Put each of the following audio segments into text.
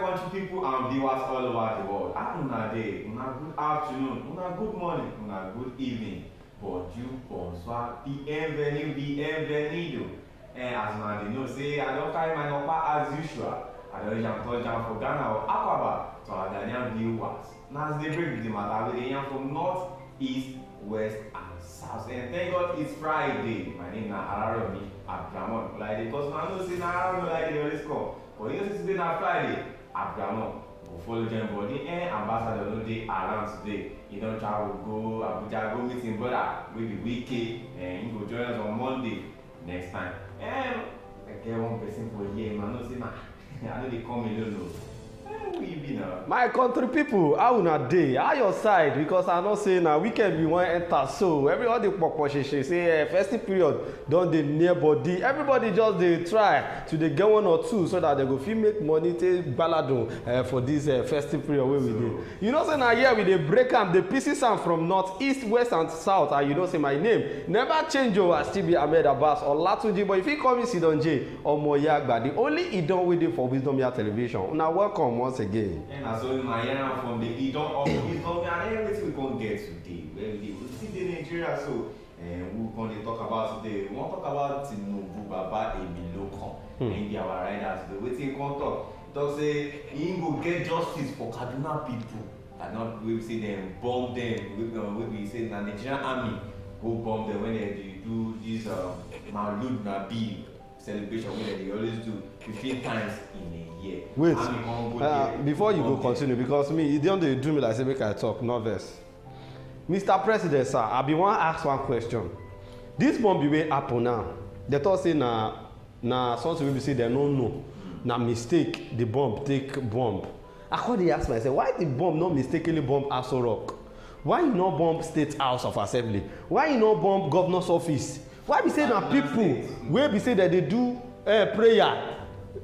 my country people and viewers all over the world how una dey una good afternoon una good morning una good evening bonjour bonsoir bienvenue bienvenido eh, as una dey know say i don carry my number as usual i don reach am touch for ghana or akwaba to our ghanaian viewers Now as dey break the matter we dey yarn from north east west and south and eh, thank god it's friday my name na araromi abdulrahman olaide because una know say na araromi olaide dey always come but you know say today na friday After abdulhamid go follow dem body eh ambassador no dey around today e don travel go abuja go meet him brother wey be wike eh him go join us on monday next time eh i get one person for here man no say na i no dey come alone o. Oh my country pipo how una dey how your side because i know say na weekend we wan enter so everybody dey popo sheshe say uh, festive period don dey near body everybody just dey try to dey get one or two so that dem go fit make money take gbaladun uh, for this uh, festive period wey so, we dey you know say na here we dey break am dey pieces am from north east west and south and you know say my name never change o oh, as still be ahmed abbas olatunji but you fit call me sidon j omoyagba the only idon wey dey for wisdom yard television una welcome once once again. And as well, Mayana from the Idom of Islam, and everything we gonna get today. we see the Nigeria, so um, we're going talk about today. We want to talk about Tinubu Baba Emilokan, hmm. And and our riders. The way they talk, talk say, he go get justice for Kaduna people. And not we see them, bomb them, we, uh, we say the Nigerian army go bomb them when they do this uh, Maulud Nabi celebration, we they always do 15 times in a year wait uh, before you go continue because me e don dey do me like say make i talk nervous mr president sir i bin wan ask one question This bomb wey happen now dem talk say na na something wey be say dem no know na mistake the bomb take bomb i come dey ask myself why the bomb no mistakenly bomb aso rock why e no bomb state house of assembly why e no bomb governors office why be say na people wey be say dem dey do uh, prayer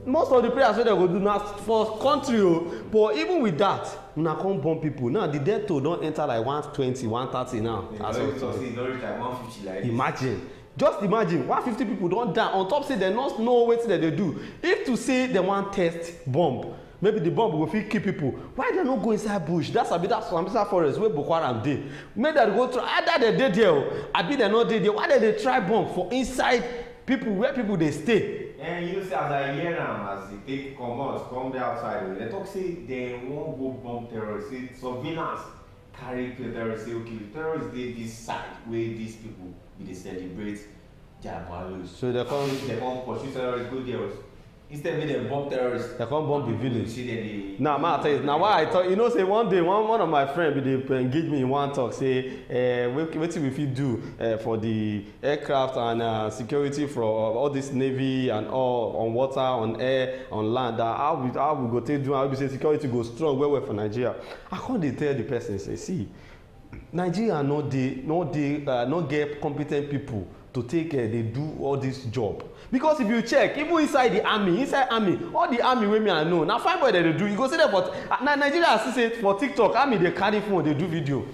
most of the prayers wey dem go do na for country o but even with that una come born people now the death toll don enter like one twenty one thirty now as we talk imagine just imagine one fifty people don die on top say dem no know wetin dem dey do if to say dem wan test bomb maybe the bomb go fit kill people why dem no go inside bush that sabi that sambisa forest wey boko haram dey make dem go try either dem dey there o abi dem no dey there why dem dey try bomb for inside people where people dey stay and you know as i hear them um, as they take comot come the outside they talk say they won't go bomb terrorists say surveillance carry terrorists say okay the terrorists dey this side wey these people they celebrate their values so they come pursue terrorists go there instead make dem bomb terrorists They come bomb the village see dem dey ma tell you na why i talk you know say one day one one of my friend bin dey engage me in one talk say eh wetin we fit do eh for the aircraft and uh, security for uh, all this navy and all on water on air on land uh, how we how we go take do am be say security go strong well well for nigeria i come dey tell the person say see nigeria no dey no dey uh, no get competent people to take uh, eh, dey do all this job because if you check even inside the army inside army all the army wey me i know na fine boy dem dey do you go see dem for ah, na nigeria see say for tiktok army dey carry phone dey do video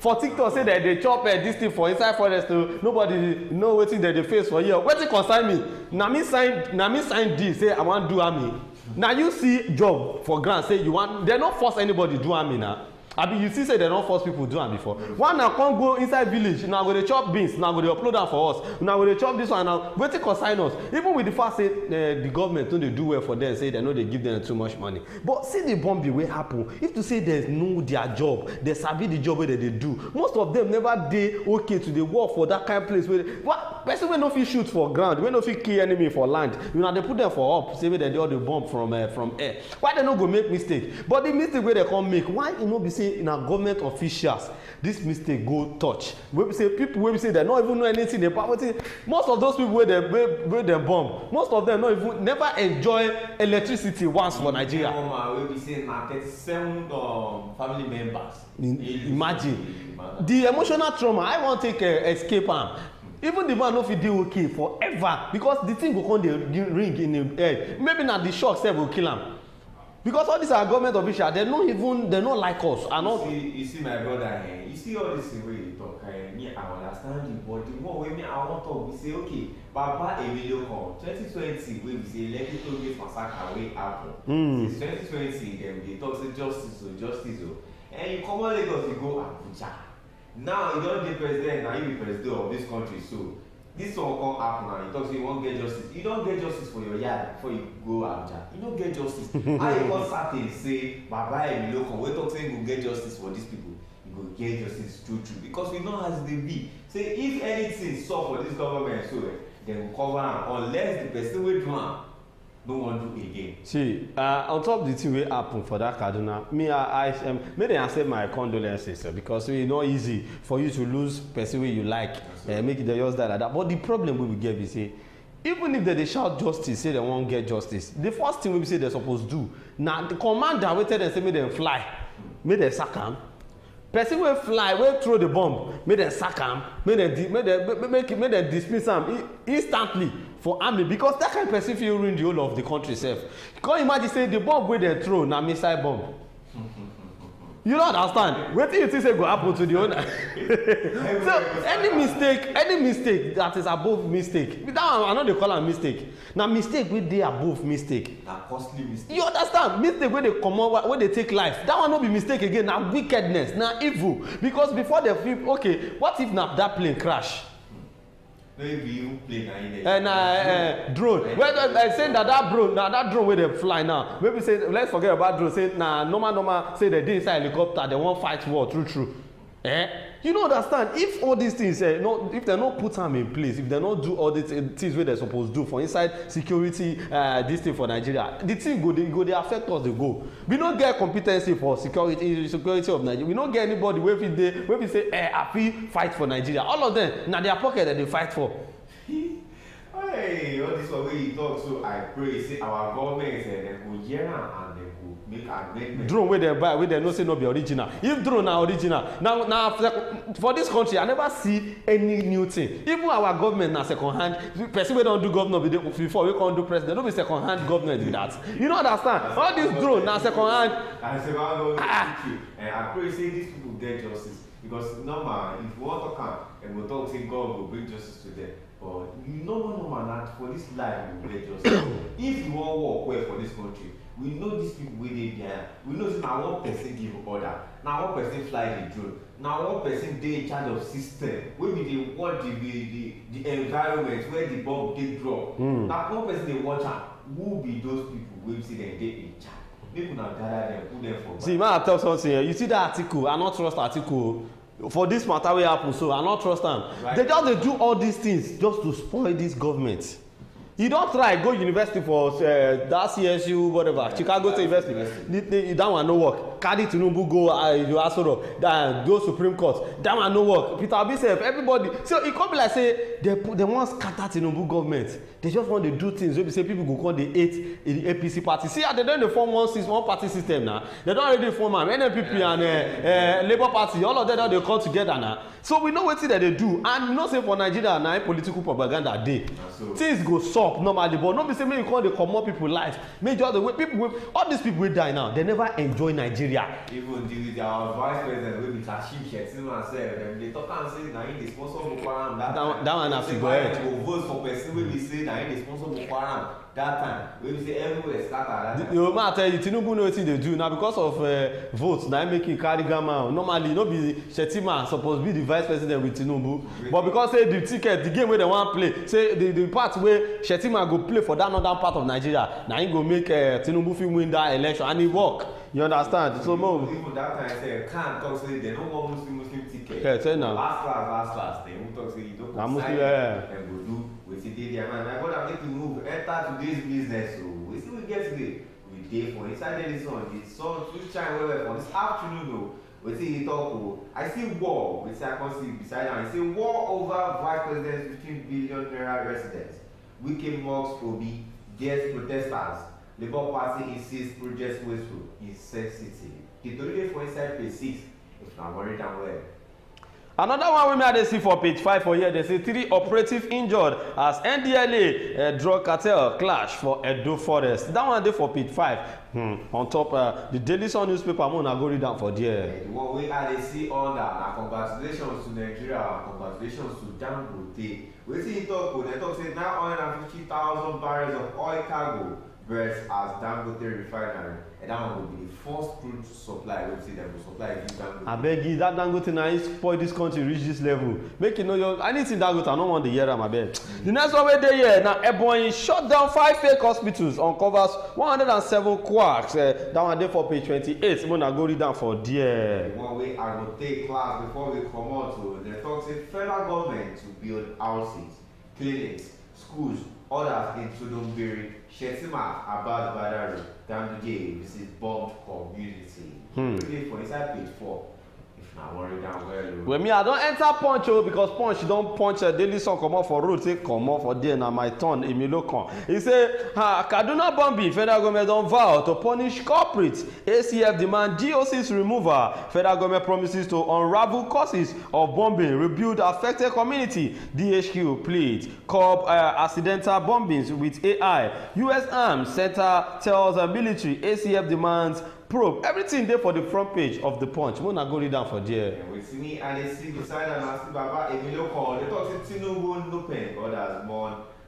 for tiktok say dem dey chop uh, eh, dis thing for inside forest o oh, nobody know wetin dem dey face for here wetin concern me na me sign na me sign deal say i wan do army na you see job for ground say you wan dem no force anybody do army na abi you see say dem don force people do am before one na come go inside village una go dey chop beans una go dey upload am for us una go dey chop this one na wetin concern us even with the fact say uh, the government no dey do well for them say dem no dey give them too much money but see the bombing wey happen if to say dem know their job dem sabi the job wey dem dey do most of them never dey okay to dey work for that kind of place wey person wey no fit shoot for ground wey no fit kill enemy for land You know dey put them for up say make dem dey all dey bomb from uh, from air why dem no go make mistake but the mistake wey dem come make why e no be say say na government officials this mistake go touch wey be say people wey be say dem no even know anything about wetin most of those people wey dem wey wey dem bomb most of them no even never enjoy electricity once for nigeria. one woman uh, wey be say na thirty-seven um, family members. In, imagine the emotional trauma i wan take uh, escape am even the man no fit dey okay forever because the thing go come dey ring in im head maybe na the shock sef go kill am because all these are government officials dem no even dem no like us and all. you see you see my brother eh you see all this thing wey you talk eh me i understand you but the one wey me i wan talk be say okay baba emilio com twenty twenty wey be say lekki toll gate massacre wey happen. Mm. since twenty twenty dem dey talk say justice o oh, justice o oh. and you comot lagos you go abuja now you don dey president na you be president of dis country so This one come happen and He talk say you wan get justice you don get justice for your yard before you go abuja you no get justice how you come certain say baba emilokan wey talk say he go get justice for these people. he go get justice true true because we know as e dey be say if anything sup for this government so eh dem go cover am unless the person wey do am no wan do again see uh, on top the thing wey happen for that kaduna me i i um, make dem accept my condolences uh, because e no easy for you to lose person wey you like uh, make dem just die like that but the problem wey we get be say even if dem dey shout justice say dem wan get justice the first thing wey be say dem suppose do na the commander wey tell dem say make dem fly make dem sack am person wey fly wey throw the bomb make dem sack am make dem make dem make dem dismiss am instantly for army because that kind of person fit ruin the whole of the country sef you come imagine say the bomb wey dem throw na missile bomb you no understand wetin you think say go happen to the owner so any mistake any mistake that is above mistake that one i no dey call am mistake na mistake wey dey above mistake na costly mistake you understand mistake wey dey comot wey dey take life that one no be mistake again na wickedness na evil because before dem fit okay what if na that plane crash no even plane na in there. drone wey uh, say na that drone na that drone wey dey fly now maybe say let's forget about drone say na normal normal say dey dey inside helicopter dey wan fight war true true eh you no understand if all these things eh no if dem no put am in place if dem no do all the eh, things wey dem suppose do for inside security uh, this thing for nigeria the thing go dey go dey affect us dey go we no get competency for security security of nigeria we no get anybody wey fit dey wey fit say eh i fit fight for nigeria all of them na their pocket dem dey fight for. hey all this one wey you talk so i pray say our government eh, dem go hear am and drone wey dem buy wey dem know say no be original if drone na original na na for dis country i never see any new thing even our government na second hand person wey don do governor before wey come do president no be second hand government be that you no understand all dis drone na second hand. i say one don teach you eh, i pray say dis people get justice because normal if you wan talk am dem go talk say god go bring justice to them but normal normal na for dis life you get justice if you wan work well for dis country we know these people wey dey there we know say na one person give order na one person fly the drone na one person dey in charge of system wey be dey watch the the the environment where the bomb dey drop hmm. na one person dey watch am who be those people wey say dem dey in charge make una gather dem put dem for See, man, I tell something you see that article i no trust article oh. for this matter wey happen so i no trust am right. they just dey do all these things just to spoil this government. You don try go university for uh, that csu whatever yeah, chicago state university, The, the, that one no work carry tinubu go uh, asoro uh, go supreme court that one no work peter obi everybody so e come be like say dem dem wan scatter tinubu government dem just wan dey do things wey be say people go come dey hate the apc party see as dem don dey form one six one party system na dem don already form am nnpp yeah. and uh, uh, labour party all of them don dey come together na so we know wetin dem dey do and we know say for nigeria na political propaganda dey things go soft work normally but no be say make you come dey comot people life make just the way people wey all these people wey die now they never enjoy nigeria. even the the our vice president wey be kashim shettima sef dem dey talk am say na him dey sponsor boko haram that time that one na figuehead say why you go vote for person wey be say na him dey sponsor boko haram that time wey be say everywhere scatter that time. you ma tell you tinubu know wetin dey do na because of uh, vote na him make him carry gama normally no be shettima suppose be the vice president with tinubu but because say the ticket the game wey dem wan play say the the part wey shettima Shettima go play for that northern part of Nigeria Now he go make uh, Tinubu fit win that election and e work you understand so mo. even that time say can't talk say they don't want muslim muslim ticket. yeah say na. last last last They dem talk say you don't go Yeah. And go do wetin dey there man I my brother make you move enter today's business We see we get today we day for inside this one the so too shine well well for this afternoon though. We see he talk o oh. i see war We see i can see beside now. I see war over vice presidents between billion naira residents. Wike mocks Obi, dares protesters. Labour Party insists project wasteful, insensitive. The Tory for inside phase six, if not worried and well. Another one we may I dey see for page five for here They say three operative injured as NDLA uh, eh, drug cartel clash for Edo Forest. That one dey for page five hmm. on top uh, the Daily Sun newspaper I'm going to go read that for there. Eh, the one wey see dey that. under na congratulations to Nigeria and congratulations to Dangote. Wetin he talk They talk say now 150,000 barrels of oil cargo as Dangote refinery and that one go be the first crude supply wey be say dem supply give Dangote. abeg that Dangote na him spoil dis country reach this level make it know your anything Dangote i no wan dey hear am abeg. the next one wey dey here na ebonyi shut down five fake hospitals uncovers 107 quarks. uh, that one dey for page twenty-eight make una go read am for dear. one way i go take class before we comot o oh, dem talk say federal government to build houses clinics schools Others include Dombiri, Shetima, Abad Badaru, Danduge, which is bombed community. Hmm. for inside page 4. wemi oh. i don enter punch o oh, because punch don punch daily sun comot for road say comot for there na my turn emilio kan He say kaduna bombing federal goment don vow to punish culprits acf demand doc's removal federal goment promises to unravel causes of bombing rebuild affected community dhq plead curb uh, accidental bombings with ai us arms center tells uh, military acf demands probe everything there for the front page of the punch mona go read down for there.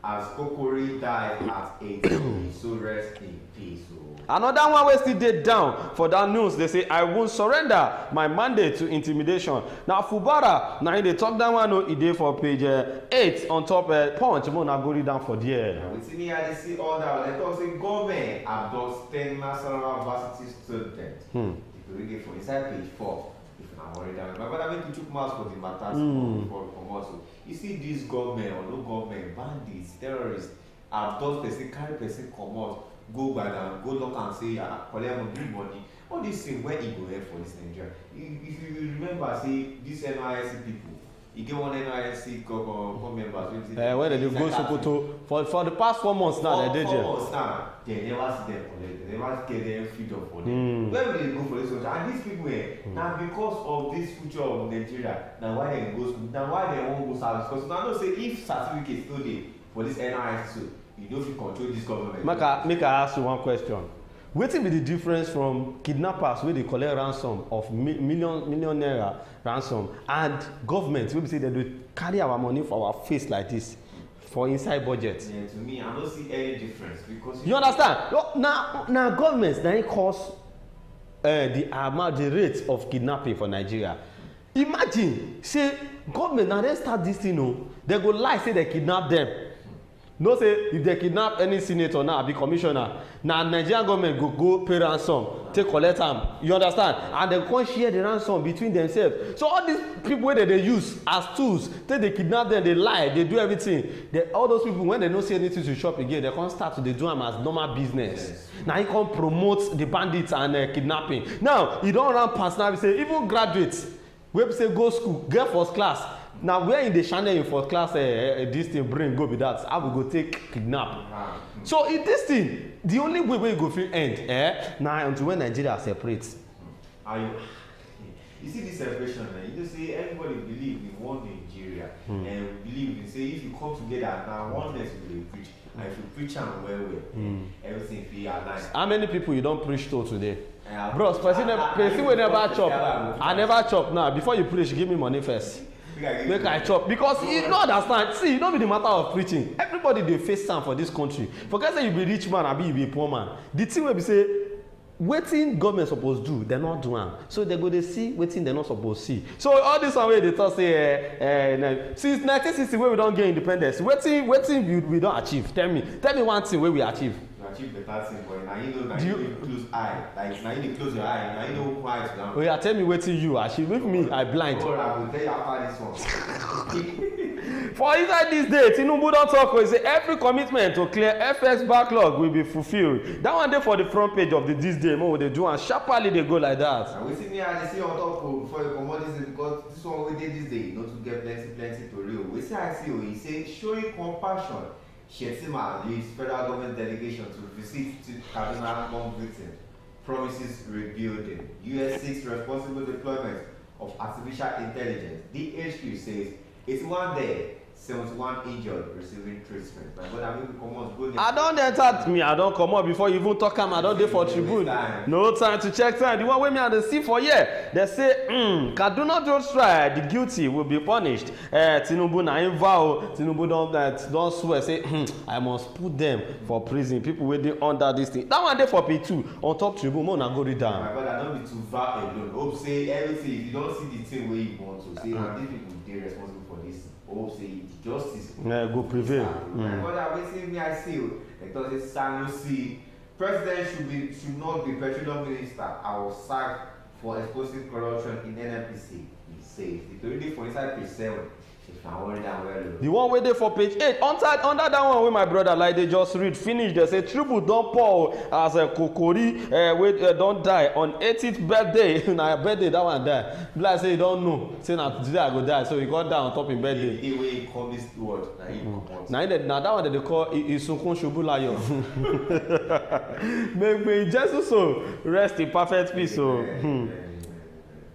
as kokori die at eighteen so rest in peace oh. Another one wey still dey down for dat news dey say I won't surrender my mandate to intimidation. Na Fubara na him dey talk dat one o, oh, e dey for page uh, eight on top uh, punch mo na go read am for there. Wetin me dey see all that. dey talk say government abduct ten Nasarawa varsity students. Hmm. If you read it for inside page four if na worried am my brother make you chook mouth for the matter small before we comot so you see this government or no government bandits terrorists abduct person carry person comot go back down go knock am say ah collect money bring money all these things wey e go help for this nigeria if you remember say this nysc people. e get one nysc corps uh, members wey say wey dem dey go sokoto for for the past four months now dem dey there four months now dem never see dem collect dem never get dem freedom for dem hmm. where we dey go for this? country and these people eh hmm. na because of this future of nigeria na why dem go school na why dem wan go service because una know say if certificate no dey for this nysc so you no fit control dis government. make i make i ask you one question wetin be the difference from kidnappers wey dey collect ransom of million million naira ransom and government wey be say dem dey carry our money for our face like this for inside budget. Yeah, to me i no see any difference because. you, you understand na na government na im cause uh, the amount the rate of kidnapping for nigeria imagine say government na dem start this thing o dem go lie say dem kidnap dem know say if they kidnap any senator now be commissioner na nigerian government go go pay ransom take collect am you understand and dem come share the ransom between themselves so all these people wey dem dey use as tools take dey kidnap dem dey lie dey do everything they, all those people when dem no see anything to chop again dem come start to dey do am as normal business yes. na e come promote the bandits and uh, kidnapping now e don run pass say even graduates wey be say go school get first class na where in the channel in fourth class uh, uh, this thing brain go be that how we go take kidnap ah. Hmm. so in this thing the only way wey e go fit end eh, na until when nigeria separate. I, you see this separation na eh, you know say everybody believe in one nigeria mm. and believe in say if you come together na oneness we dey preach and if you preach am well well mm. everything fit align. how many people you don preach to today. Uh, bros person wey never chop i never chop now before you preach give me money first make i chop because you no understand see no be the matter of preaching everybody dey face am for this country forget say you be rich man abi you be poor man the thing wey be say wetin government suppose do dem no do am so dem go dey see wetin dem no suppose see so all this one wey dey talk say eh, eh, na, since 1960 wey we don get independence wetin wetin we, we don achieve tell me tell me one thing wey we achieve achieve the thing but na you know na you dey close eye like na you dey close your eye na you no quiet down. oya tell me wetin you achieve if me i blind. or i go tell you after this one. for inside dis day tinubu don talk, o say every commitment to clear fx backlog will be fulfilled That one dey for the front page of the this day mo dey do am sharparly dey go like that. na wetin me i dey see on top o before you comot dis day because this one wey dey this day no too get plenty plenty tori o oh. wetin i see o oh, e say showing compassion Shettima the federal government delegation to visit to Kaduna bomb promises rebuilding. US seeks responsible deployment of artificial intelligence. DHQ says it's one day 71 injured receiving treatment. My brother, make you comot go. I don't enter me, I don't come up before you even talk him. I don't do for tribune. Time. No time to check time. The one wey me and the see for year. They say, mm, Kaduna drone try. the guilty will be punished. Uh, Tinubu na invow vow, Tinubu don uh, don swear say, hmm. I must put them for prison. People wey dey under this thing. That one dey for P2 on top tribune, mo na go read am. My brother, no be to vow alone. Hope say everything, if you don't see the thing where you want to, say uh-huh. na these people dey responsible for this Oh, obviously justice yeah, go prevail. Mm. But that waiting me I see because it's Sanusi. President should be should not be petroleum minister. I was sacked for exposing corruption in NNPC. He says the 20 for inside page the one wey dey for page eight under under that one wey my brother like dey just read finish dey say tribute don pour oh, as uh, kokori uh, wey uh, don die on 80th birthday na birthday that one die be like say he don know say na today i go die so he come die on top him birthday. the day wey he call this word hmm. na him comot. na na that one dem dey call isunkun shubulayo may may Jesus so oh, rest in perfect peace o. Oh. Yeah, hmm. yeah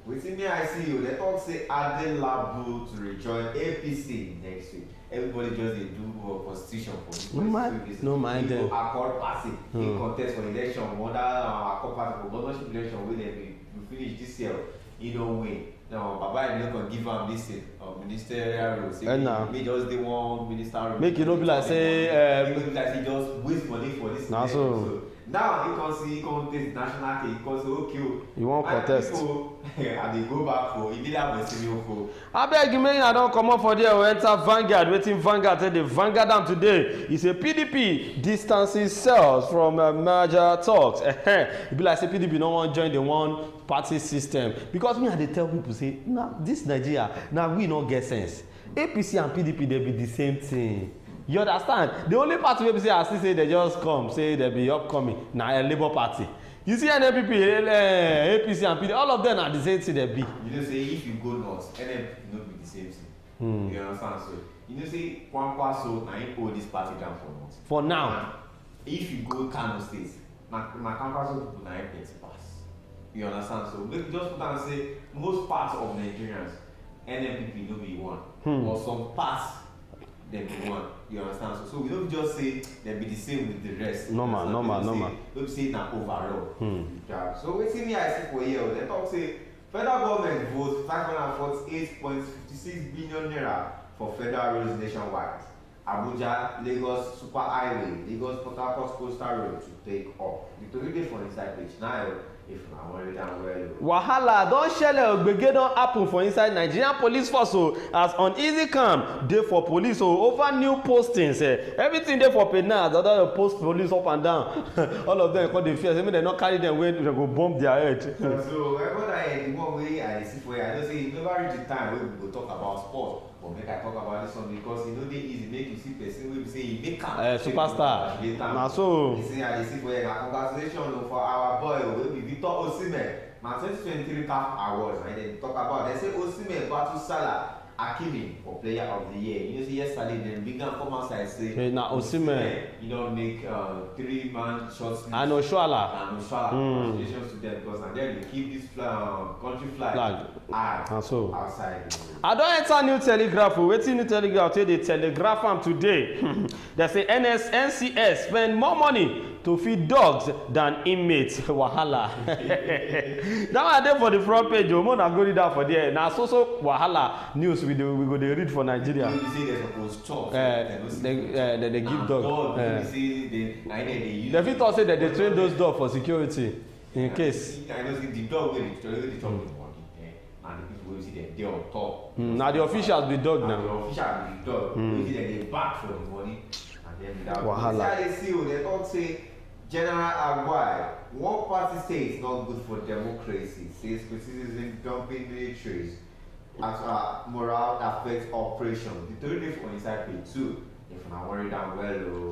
wetin me i see you dem talk say adelabu to rejoin apc next week everybody just dey do for uh, constitution for this place no mind dem people accord party mm. in contest for election under uh, accord party for governorship election wey dem we finish this year e don win now baba emile kan give am this thing uh, of ministerial role say uh, make just dey one minister role make e no be like say um, make e no be like say just waste money for this thing so. so now he come see he come take the national team he come say okay o. Oh. you wan contest i dey go back for oh. e be that brazilian for. Oh, abeg make una don comot for there o enter vanguard wetin vanguard tell the vanguard am today He say pdp distances self from uh, merger talks e be like say pdp no wan join the one party system because me i dey tell people say na this nigeria na we no get sense apc and pdp dey be the same thing you understand the only party wey be say i see say they just come say they be upcoming na a labour party you see nnpp uh, eh, apc and pdp all of them are the same thing they be. you know say if you go north nnpp no be the same thing. Hmm. you understand so you know say kwankwa so na him hold this party down for north. for now. and if you go kano state na na kwankwa so people na him plenty pass you understand so make just put down say most parts of nigerians nnpp no be one. Hmm. but some parts they be one. You understand? So, so we don't just say they be the same with the rest. Normal, normal, normal. Don't say na overall. Hmm. Yeah. So wetin me I see for here, they talk say federal government vote five hundred and forty-eight point fifty-six billion naira for federal roads nationwide. Abuja, Lagos Super Highway, Lagos Port Harcourt Coastal Road to take up. The tori dey for inside page nine wahala don shele ogbege don happen for inside nigerian police force o oh, as uneasy calm dey for police o oh, over new postings eh everything dey for page now as oda post police up and down all of them come dey fear say make dem no carry dem wey dem go bump their head. so I record that the one wey i dey see for here i know say you never reach the time wey we go talk about sport but make i talk about this one because e no dey easy make you see person wey be say e make am uh, superstar na so you see i dey see for here na congratulations o for our boy o wey be victor osimhen na twenty twenty three caf award na dem talk about dem say osimhen battle salah Hakimi for player of the year. You know, see yesterday then big and come outside say hey, now Osimhen, you know, make uh, three man short list. And Oshuala. And Oshuala. Mm. Congratulations to them because and then they keep this flag, uh, country flag. flag eye ah, so outside i don't enter new telegraph We're oh. wetin new telegraph take dey telegraph am today they say ns ncs spend more money to feed dogs than inmates wahala that one there for the front page o oh. mona go read am for there Now so so wahala news we dey we go to read for nigeria. you eh, say they suppose chop. Uh, they uh, they give dogs. dog uh, you say they na dem dey use. dem train those dogs for security in case. i know say the dog wey dey chop and the people wey see dem dey on top. Mm, na the officials be dog na. na the officials be dog. Mm. wey see dem dey back for the money and then that. wahala the ceo dey talk say general agwai one party say it's not good for democracy says criticism dumping militaries as a uh, morale affect operation. the tori dey for inside page two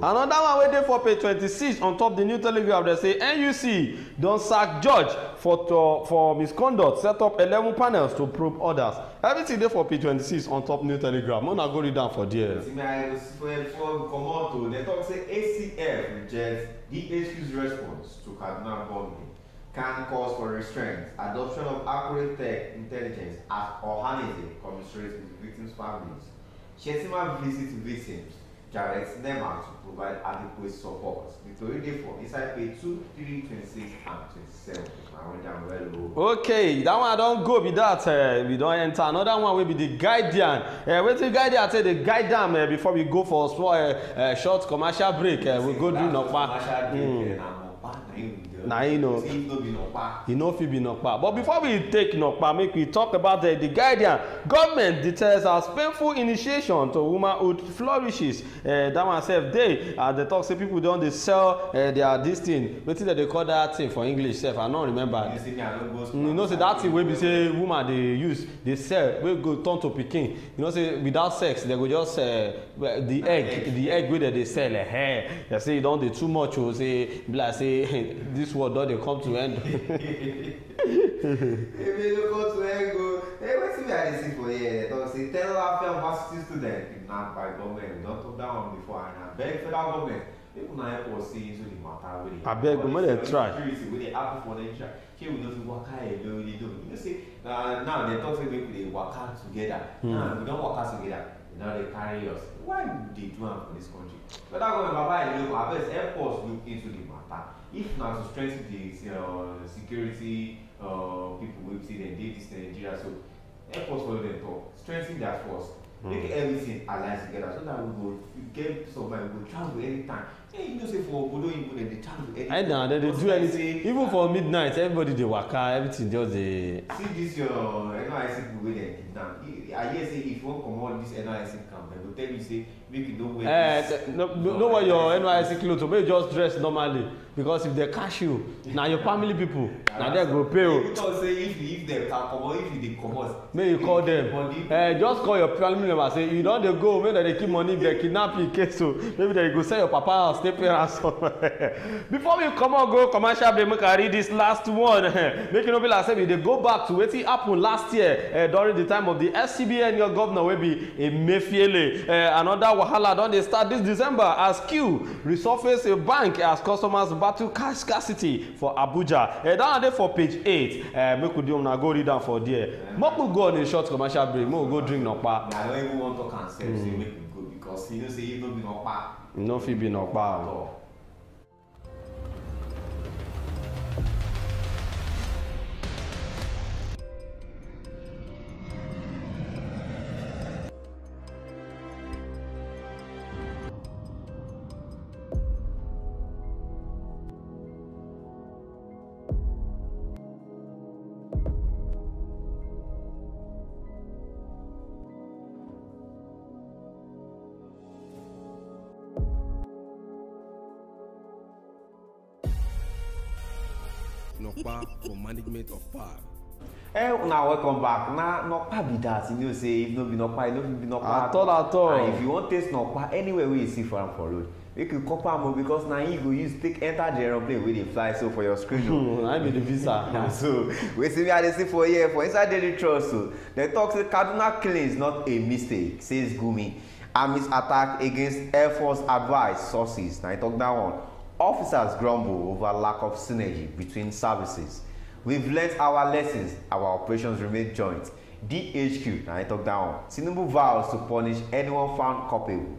Another one waiting for page 26 on top the New Telegraph dey say NUC don't sack George for to, for misconduct set up eleven panels to probe others. Everything dey for page 26 on top New Telegraph. I'm go read down for dear. They talk say ACF rejects DHQ's response to Cardinal bombing can cause for restraint, adoption of accurate tech intelligence as alternative commensurate with victims' families. Shettima visit victims directs NEMA to provide adequate support nítorí dey for inside page two three twenty and twenty well okay that one i don't go be that uh, we don't enter another one will be the guardian uh, wetin guardian say the guide am uh, before we go for small uh, uh, short commercial break uh, we go do napa. commercial break mm na you know he no fit be nokpa but before we take nokpa make we talk about the, the guardian government details as painful initiation to womanhood flourishes uh, that one sef dey as dey talk say people don dey sell uh, their this thing wetin dem dey call that thing for english sef i no remember mm, you know say that thing wey be say woman dey use dey sell wey go turn to pikin you know say without sex dem go just uh, the egg the egg wey dem dey sell eh, eh, dem say e don dey too much o oh, say be like say this This world don dey come to end. ebe no come to end o eh wetin be i dey see for here talk say tell fail varsity student kidnapped by government we don talk that one before and abeg federal government make una help us see into the matter wey dey happen abeg make dem try security wey dey happen for nigeria shey we no fit waka alone alone you know say na now dem talk say make we dey waka together hmm. now we don waka together you know dey carry us why we dey do am for dis country federal government baba eloko abeg help us look into the matter back. If now to strengthen the uh, security uh, people, we say they did this Nigeria, so help us follow them talk. Strengthen their force. Mm. Make hmm. everything align together so that we will get somewhere, we will travel anytime. Hey, you know, say for Obodo Igbo, they chant to anything. I know, they, they do anything. Even for midnight, everybody they work out everything just dey. See this your NYC people wey dem kidnap. I hear say if you come comot this NYC camp, they will tell you say maybe don't wear eh, this. Eh, no, no, no wear your NYC cloth, make you just dress normally because if they catch you, now your family people, now they go pay you. You don't say if if they come, comot, if you dey comot. Make you call them. Eh, just call your family member say you don they go, make they keep money if dem kidnap you in case o, maybe they go sell your papa house pay ransom before we come on go commercial break make i read this last one make you no be like say we dey go back to what happened last year uh, during the time of the scbn your governor wey be emefiele uh, another wahala don they start this december as q resurface a bank as customers battle cash scarcity for abuja uh, that one for page eight uh, make you do una go read down for there make we go on a short commercial break make we go drink napa. na when we talk am say make não sinus i Okpa for management of power. Hey, now welcome back. Now, Nokpa be that. You know, say if no be Nokpa, you no be Nokpa. At all, at all. And if you want taste Nokpa anywhere where you see for am for road, make you copy am o because na him go use take enter the aeroplane wey dey fly so for your screen o. na hmm, be the visa. na so wetin we are dey see for here for inside daily trust o dem talk say kaduna killing not a mistake says gumi army's attack against air force advice sources na i e talk that one Officers grumble over lack of synergy between services. We've learnt our lessons, our operations remain joint. DHQ, na I talk down. one. Tinubu vows to punish anyone found culpable.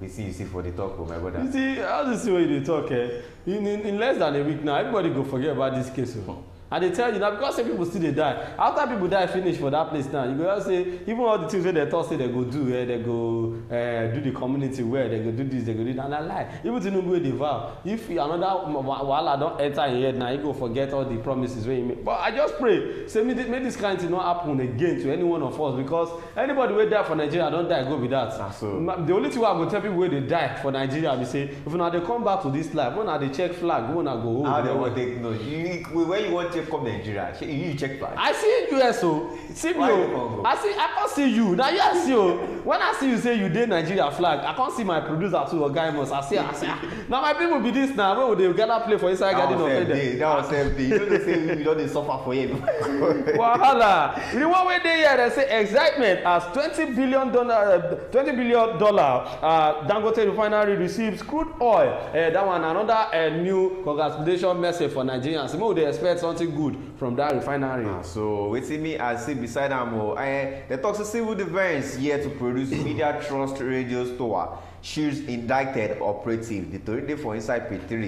We see you see for the talk, oh, my brother. You see, how just see when you talk? Eh? In, in, in less than a week now, everybody go forget about this case. Oh i dey tell you na because say people still dey die after people die finish for that place now you go just say even all the things wey dem talk say dem go do eh dem go eh, do the community well dem go do this dem go do that na lie even tinubu wey dey vow if another wahala don enter im head na he go forget all the promises wey he make but i just pray say make this kind thing no happen again to any one of us because anybody wey die for nigeria don die go be that so. the only thing wey i go tell people wey dey die for nigeria be say if una dey come back to this life una dey check flag una go hold. how dem wan take know you when you wan check dey come nigeria shey you check flag. i see us o see me o i see i come see you na you i see o when i see you say you dey nigeria flag i come see my producer too oga imus i see i see na my people be this na When we dey gather play for inside garden of eden. that one sef dey that one sef dey you know say we don dey suffer for here before. wahala the one wey dey here dey say excitement as twenty billion dollar uh, twenty billion dollar uh, dangote refinery receives crude oil uh, that one another uh, new congratulation message for nigerians make we dey expect something good from that refinery. Ah, so wetin me i see beside am o eh, dem tok say civil defence here to produce media trust radio store. shields indicted operative The tori dey for inside p3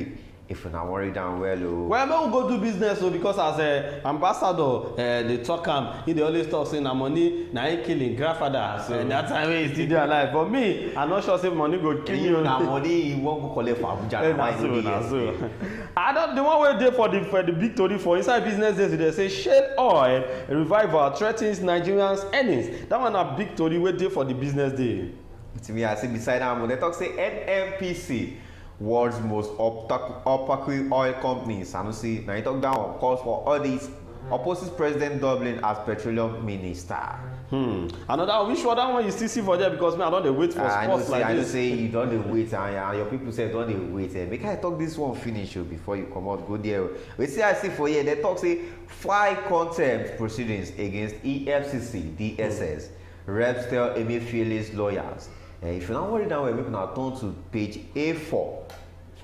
if una worry down well o. Oh. well make we go do business o oh, because as uh, ambassador uh, eh, dey talk am he dey always talk say na money na him kill him grandfather so, uh, eh, that time wey he still dey alive but me i no sure say money go kill you. na money he wan go collect for abuja eh, na why he dey here. i don the one wey dey for the for the big tori for inside business days dey say shale oil revival threa ten s nigerians earnings that one na big tori wey dey for the business day. to me i say beside am o dey talk say nnpc world's most opaque oil company, Sanusi, Naitogdao, calls for audits, opposes President Dublin as petroleum minister. hmm another which one one you still see for there because me i don dey wait for sports like this i know say you don dey wait and ah, your people sef don dey wait eh make i talk this one finish o oh, before you comot go there o oh. wetin i see for here dem talk say five contempt proceedings against efcc dss mm. repstel emefiele's lawyers Eh, if you not worried now, we're moving our turn to page A4.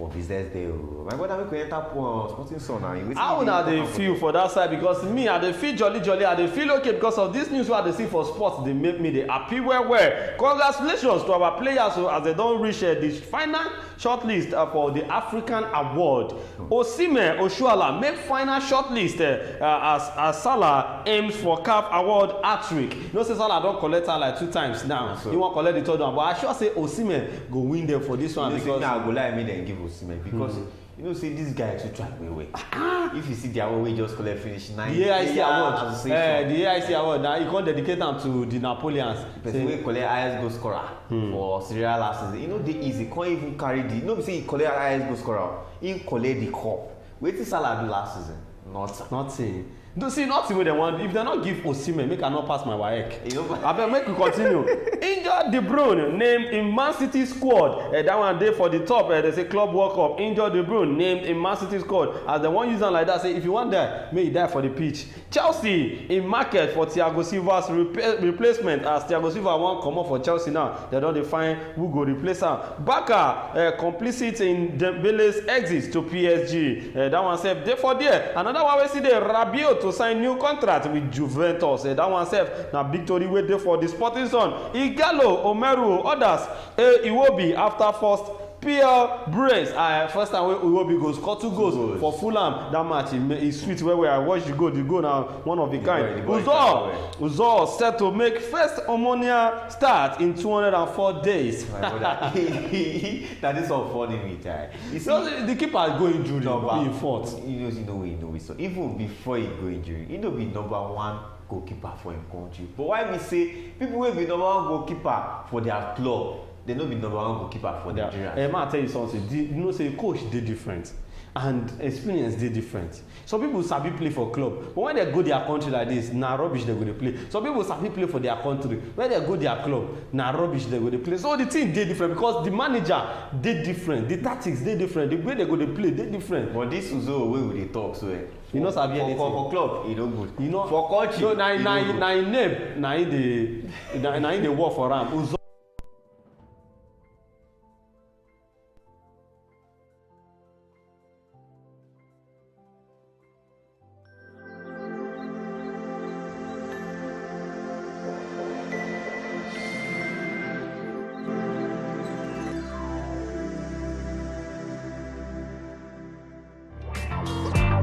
for business day my brother make we enter poor uh, sporting sun na wetin how una dey feel for that side because me i dey feel jolly jolly i dey feel okay because of this news wey i dey see for sports dey make me dey happy well well congratulations to our players o oh, as dem don reach uh, the final shortlist uh, for the african award hmm. osimhen oshuala make final shortlist uh, uh, as as salah aims for caf award hat-trick you know say salah don collect am like two times now so, he wan collect the third one but i sure say osimhen go win dem for this one because. you know say na go lie me dem give osimhen. Osimhen because mm. you know say this guy too try well well if you see the award wey just collect finish nine the AIC award association uh, the AIC award na he come dedicate am to the Napoleons. person wey collect highest goal scorer hmm. for serial last season e no dey easy come even carry the no be say he collect highest goal scorer he collect the cup wetin Salah do last season nothing nothing do see nothing wey dem wan if dem no give osimhen make i no pass my waec abeg make we continue injured de bruyne named im man city squad uh, that one dey for the top uh, they say club world cup injured de bruyne named im man city squad as dem wan use am like that say if you wan die may you die for the pitch chelsea im market for thiago silva's rep replacement as thiago silva wan comot for chelsea now dem don dey find who go replace am barca uh, eh, complicit in dembele's exit to psg uh, that one sef dey for there another one wey still dey rabiot to sign new contract with juventus eh, that one sef na victory tori wey dey for di sporting zone igalo omeru odas eh, iwobi afta first pure brace uh, ah, first time wey iwobi go score two goals, for fulham that match e sweet well well i watch the goal the goal na one of the kind uzor uzor set to make first ammonia start in two hundred and four days. na this one funny me die. you see no, the keeper go injury no, but, in fault. you know you know wey you know so even before he go injury he no be number one goalkeeper for him country but why me say people wey be number one goalkeeper for their club they no be number one goalkeeper for yeah. Nigeria. Um, I tell you something. The, you know, say coach dey different and experience dey different. Some people sabi play for club, but when they go their country like this, na rubbish they go dey play. Some people sabi play for their country, when they go their club, na rubbish they go dey play. So the thing dey different because the manager dey different, the tactics dey different, the way they go dey play dey different. But this Uzo wey we dey talk so. Eh? you no sabi anything for for club e no good you know for culture no na na na im name na im dey na im dey work for am uzo